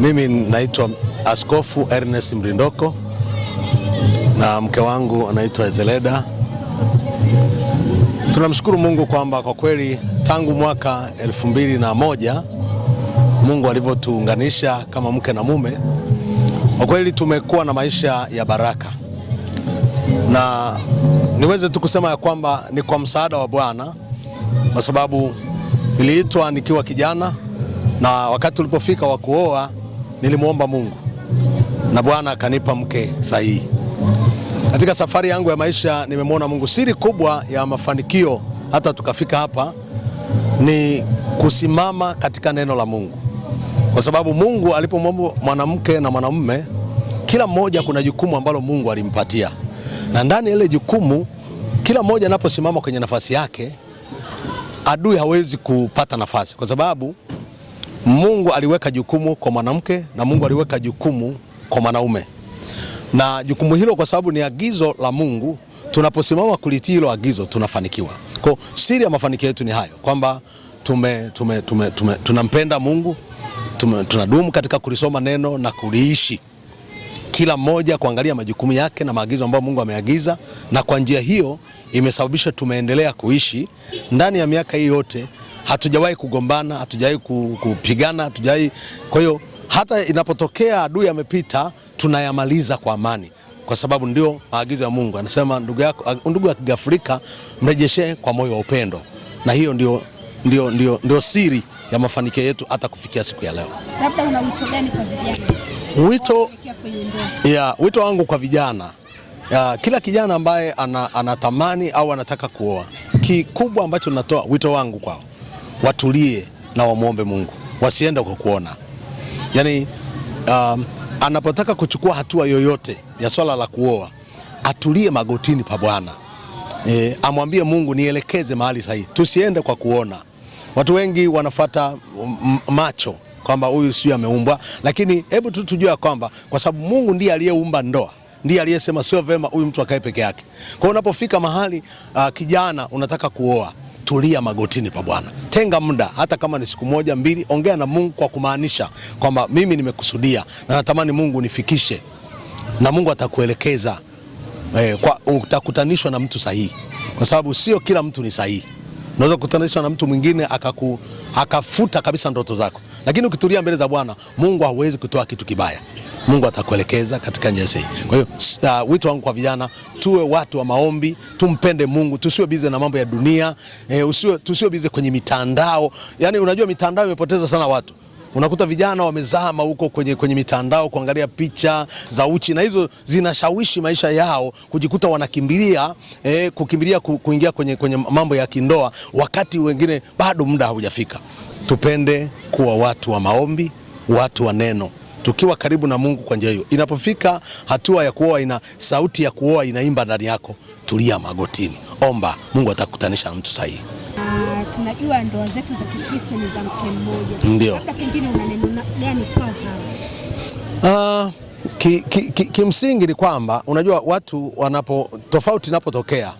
Mimi naitwa Askofu Ernest Mrindoko na mke wangu anaitwa Ezeleda. Tunamshukuru Mungu kwamba kwa kweli tangu mwaka elfu mbili na moja Mungu alivyotuunganisha kama mke na mume, kwa kweli tumekuwa na maisha ya baraka, na niweze tu kusema ya kwamba ni kwa msaada wa Bwana, kwa sababu niliitwa nikiwa kijana na wakati ulipofika wa kuoa nilimwomba Mungu na Bwana akanipa mke sahihi. Katika safari yangu ya maisha nimemwona Mungu. Siri kubwa ya mafanikio hata tukafika hapa ni kusimama katika neno la Mungu, kwa sababu Mungu alipomwomba mwanamke na mwanamume, kila mmoja kuna jukumu ambalo Mungu alimpatia, na ndani ya ile jukumu, kila mmoja anaposimama kwenye nafasi yake, adui hawezi kupata nafasi, kwa sababu Mungu aliweka jukumu kwa mwanamke na Mungu aliweka jukumu kwa mwanaume, na jukumu hilo kwa sababu ni agizo la Mungu, tunaposimama kulitii hilo agizo tunafanikiwa. Kwa siri ya mafanikio yetu ni hayo kwamba tume, tume, tume, tume, tunampenda Mungu tume, tunadumu katika kulisoma neno na kuliishi, kila mmoja kuangalia majukumu yake na maagizo ambayo Mungu ameagiza, na kwa njia hiyo imesababisha tumeendelea kuishi ndani ya miaka hii yote hatujawahi kugombana, hatujawahi kupigana, hatujawahi. Kwa hiyo hata inapotokea adui amepita, tunayamaliza kwa amani, kwa sababu ndio maagizo ya Mungu. Anasema ndugu yako, ndugu Kiafrika mrejeshee kwa moyo wa upendo, na hiyo ndio, ndio, ndio, ndio siri ya mafanikio yetu hata kufikia siku ya leo. Labda una wito gani kwa vijana? Wito, yeah, wito wangu kwa vijana ya, kila kijana ambaye anatamani ana au anataka kuoa, kikubwa ambacho natoa wito wangu kwao watulie na wamwombe Mungu, wasiende kwa kuona. Yaani um, anapotaka kuchukua hatua yoyote ya swala la kuoa atulie magotini pa Bwana e, amwambie Mungu nielekeze mahali sahihi, tusiende kwa kuona. Watu wengi wanafata um, macho kwamba huyu sio ameumbwa, lakini hebu tu tujue kwamba kwa sababu Mungu ndiye aliyeumba ndoa ndiye aliyesema sio vema huyu mtu akae peke yake. Kwa hiyo unapofika mahali uh, kijana unataka kuoa tulia magotini pa Bwana, tenga muda, hata kama ni siku moja mbili, ongea na Mungu kwa kumaanisha kwamba mimi nimekusudia na natamani Mungu nifikishe na Mungu atakuelekeza eh, kwa utakutanishwa na mtu sahihi, kwa sababu sio kila mtu ni sahihi. Unaweza kukutanishwa na mtu mwingine akaku, akafuta kabisa ndoto zako, lakini ukitulia mbele za Bwana Mungu hawezi kutoa kitu kibaya. Mungu atakuelekeza katika njia sahihi. Kwa hiyo uh, wito wangu kwa vijana, tuwe watu wa maombi, tumpende Mungu, tusiwe bize na mambo ya dunia eh, usiwe, tusiwe bize kwenye mitandao. Yaani unajua mitandao imepoteza sana watu unakuta vijana wamezama huko kwenye, kwenye mitandao kuangalia picha za uchi na hizo zinashawishi maisha yao, kujikuta wanakimbilia eh, kukimbilia kuingia kwenye, kwenye mambo ya kindoa, wakati wengine bado muda haujafika. Tupende kuwa watu wa maombi, watu wa neno tukiwa karibu na Mungu kwa njia hiyo. Inapofika hatua ya kuoa, ina sauti ya kuoa inaimba ndani yako, tulia magotini, omba, Mungu atakutanisha na mtu sahihi. Eh, tunajua ndoa zetu za Kikristo ni za mke mmoja, ndio hata pengine gani kwa ah, ki, ki, ki, ni kwamba unajua watu wanapo tofauti inapotokea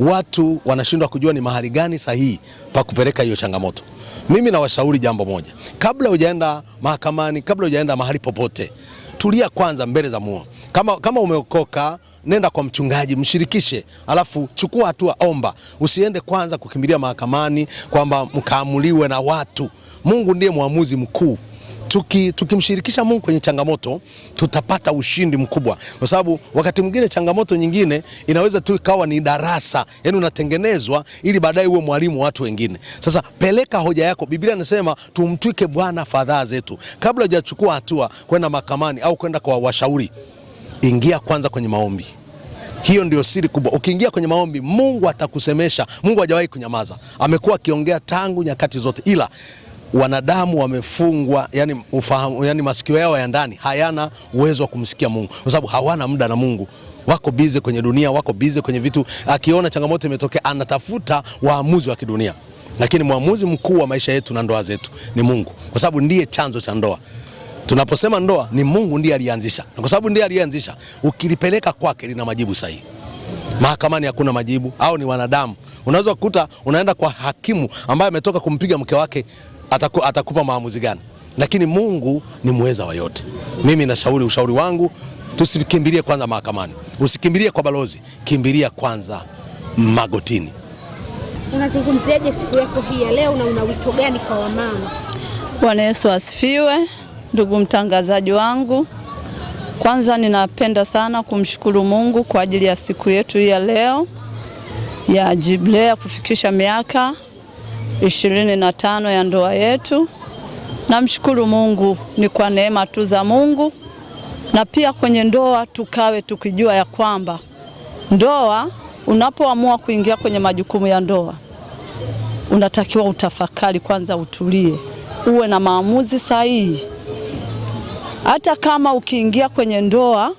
watu wanashindwa kujua ni mahali gani sahihi pa kupeleka hiyo changamoto. Mimi nawashauri jambo moja, kabla hujaenda mahakamani, kabla hujaenda mahali popote, tulia kwanza mbele za Mungu. Kama, kama umeokoka nenda kwa mchungaji, mshirikishe, alafu chukua hatua, omba. Usiende kwanza kukimbilia mahakamani kwamba mkaamuliwe na watu. Mungu ndiye mwamuzi mkuu tuki, tukimshirikisha Mungu kwenye changamoto tutapata ushindi mkubwa, kwa sababu wakati mwingine changamoto nyingine inaweza tu ikawa ni darasa, yani unatengenezwa ili baadaye uwe mwalimu wa watu wengine. Sasa peleka hoja yako. Biblia inasema tumtwike Bwana fadhaa zetu. Kabla hujachukua hatua kwenda mahakamani au kwenda kwa washauri, ingia kwanza kwenye maombi. Hiyo ndio siri kubwa. Ukiingia kwenye maombi, Mungu atakusemesha. Mungu hajawahi kunyamaza, amekuwa akiongea tangu nyakati zote, ila wanadamu wamefungwa, yani ufahamu, yani masikio yao ya ndani hayana uwezo wa kumsikia Mungu kwa sababu hawana muda na Mungu wako bize kwenye dunia, wako bize kwenye vitu. Akiona changamoto imetokea, anatafuta waamuzi wa kidunia, lakini mwamuzi mkuu wa maisha yetu na ndoa zetu ni Mungu, kwa sababu ndiye chanzo cha ndoa. Tunaposema ndoa, ni Mungu ndiye alianzisha, na kwa sababu ndiye alianzisha, ukilipeleka kwake lina majibu sahihi. Mahakamani hakuna majibu, au ni wanadamu. Unaweza kukuta unaenda kwa hakimu ambaye ametoka kumpiga mke wake ataku, atakupa maamuzi gani? Lakini Mungu ni muweza wa yote. Mimi nashauri, ushauri wangu tusikimbilie kwanza mahakamani, usikimbilie kwa balozi, kimbilia kwanza magotini. Unazungumziaje siku yako hii ya leo na una wito gani kwa wamama? Bwana Yesu asifiwe, ndugu mtangazaji wangu. Kwanza ninapenda sana kumshukuru Mungu kwa ajili ya siku yetu hii ya leo ya jubilei ya kufikisha miaka ishirini na tano ya ndoa yetu. Namshukuru Mungu, ni kwa neema tu za Mungu, na pia kwenye ndoa tukawe tukijua ya kwamba ndoa, unapoamua kuingia kwenye majukumu ya ndoa, unatakiwa utafakari kwanza, utulie, uwe na maamuzi sahihi. Hata kama ukiingia kwenye ndoa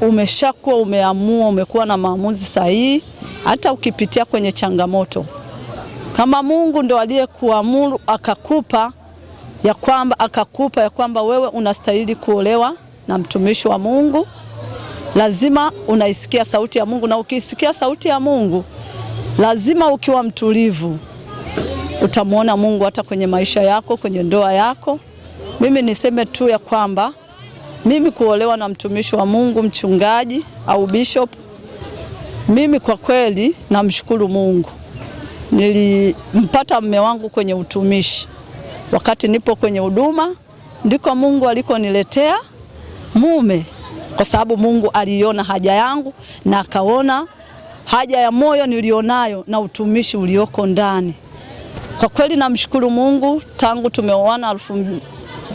umeshakuwa umeamua, umekuwa na maamuzi sahihi, hata ukipitia kwenye changamoto kama Mungu ndo aliyekuamuru akakupa ya kwamba akakupa ya kwamba wewe unastahili kuolewa na mtumishi wa Mungu, lazima unaisikia sauti ya Mungu, na ukiisikia sauti ya Mungu lazima ukiwa mtulivu utamwona Mungu hata kwenye maisha yako, kwenye ndoa yako. Mimi niseme tu ya kwamba mimi kuolewa na mtumishi wa Mungu, mchungaji au bishop, mimi kwa kweli namshukuru Mungu nilimpata mme wangu kwenye utumishi, wakati nipo kwenye huduma, ndiko Mungu alikoniletea mume, kwa sababu Mungu aliona haja yangu na akaona haja ya moyo nilionayo na utumishi ulioko ndani. Kwa kweli namshukuru Mungu, tangu tumeoana elfu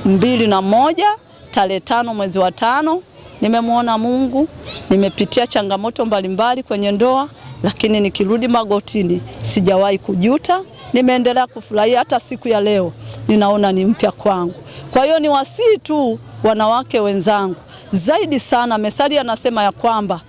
mbili na moja tarehe tano mwezi wa tano nimemwona Mungu, nimepitia changamoto mbalimbali mbali kwenye ndoa lakini nikirudi magotini sijawahi kujuta, nimeendelea kufurahia. Hata siku ya leo ninaona ni mpya kwangu. Kwa hiyo ni wasii tu wanawake wenzangu zaidi sana. Methali anasema ya kwamba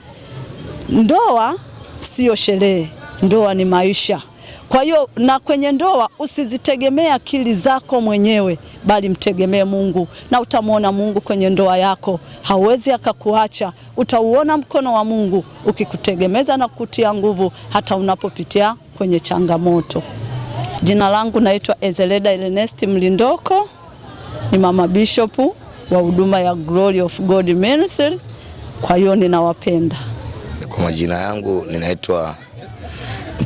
ndoa siyo sherehe, ndoa ni maisha. Kwa hiyo na kwenye ndoa usizitegemee akili zako mwenyewe, bali mtegemee Mungu na utamwona Mungu kwenye ndoa yako. hauwezi akakuacha, utauona mkono wa Mungu ukikutegemeza na kutia nguvu hata unapopitia kwenye changamoto. Jina langu naitwa Ezeleda Ernest Mlindoko, ni mama bishopu wa huduma ya Glory of God Ministry. Kwa hiyo ninawapenda. Kwa majina yangu ninaitwa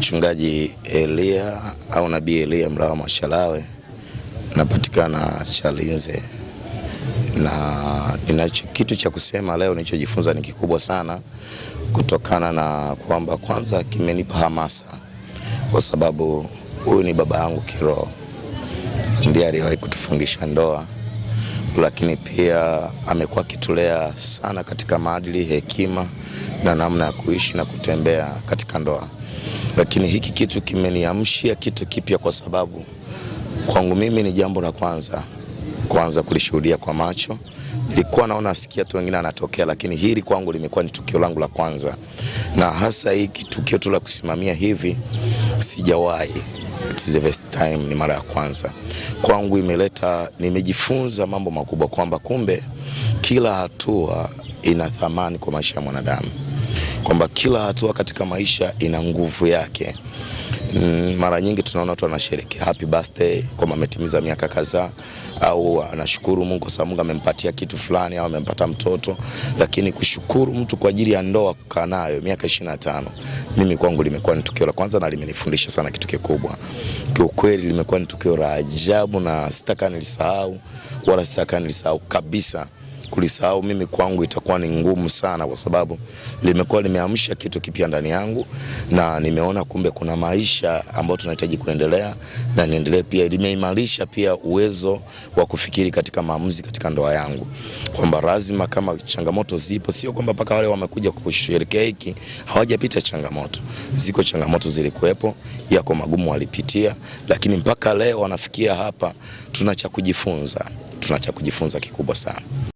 Mchungaji Elia au Nabii Elia Mlawa Mashalawe, napatikana Chalinze, na ninacho kitu cha kusema leo. Nilichojifunza ni kikubwa sana, kutokana na kwamba kwanza kimenipa hamasa, kwa sababu huyu ni baba yangu kiroho, ndiye aliyewahi kutufungisha ndoa, lakini pia amekuwa akitulea sana katika maadili, hekima na namna ya kuishi na kutembea katika ndoa lakini hiki kitu kimeniamshia kitu kipya, kwa sababu kwangu mimi ni jambo la kwanza kwanza kulishuhudia kwa macho. Nilikuwa naona sikia tu wengine anatokea, lakini hili kwangu limekuwa ni tukio langu la kwanza, na hasa hiki tukio tu la kusimamia hivi sijawahi. It the first time, ni mara ya kwanza kwangu. Imeleta, nimejifunza mambo makubwa kwamba kumbe kila hatua ina thamani kwa maisha ya mwanadamu kwamba kila hatua katika maisha ina nguvu yake. Mm, mara nyingi tunaona watu wanasherehekea happy birthday kwamba ametimiza miaka kadhaa, au anashukuru Mungu kwa sababu Mungu amempatia kitu fulani au amempata mtoto, lakini kushukuru mtu kwa ajili ya ndoa kukaa nayo miaka 25 mimi kwangu limekuwa ni tukio la kwanza na limenifundisha sana kitu kikubwa kiukweli. Limekuwa ni tukio la ajabu na sitakaa nilisahau, wala sitakaa nilisahau kabisa kulisahau mimi kwangu itakuwa ni ngumu sana, kwa sababu limekuwa limeamsha kitu kipya ndani yangu, na nimeona kumbe kuna maisha ambayo tunahitaji kuendelea na niendelee pia. Limeimarisha pia uwezo wa kufikiri katika maamuzi katika ndoa yangu, kwamba lazima, kama changamoto zipo, sio kwamba paka wale wamekuja kusherekea hiki hawajapita changamoto. Ziko changamoto zilikuwepo, yako magumu walipitia, lakini mpaka leo wanafikia hapa, tuna cha kujifunza, tuna cha kujifunza kikubwa sana.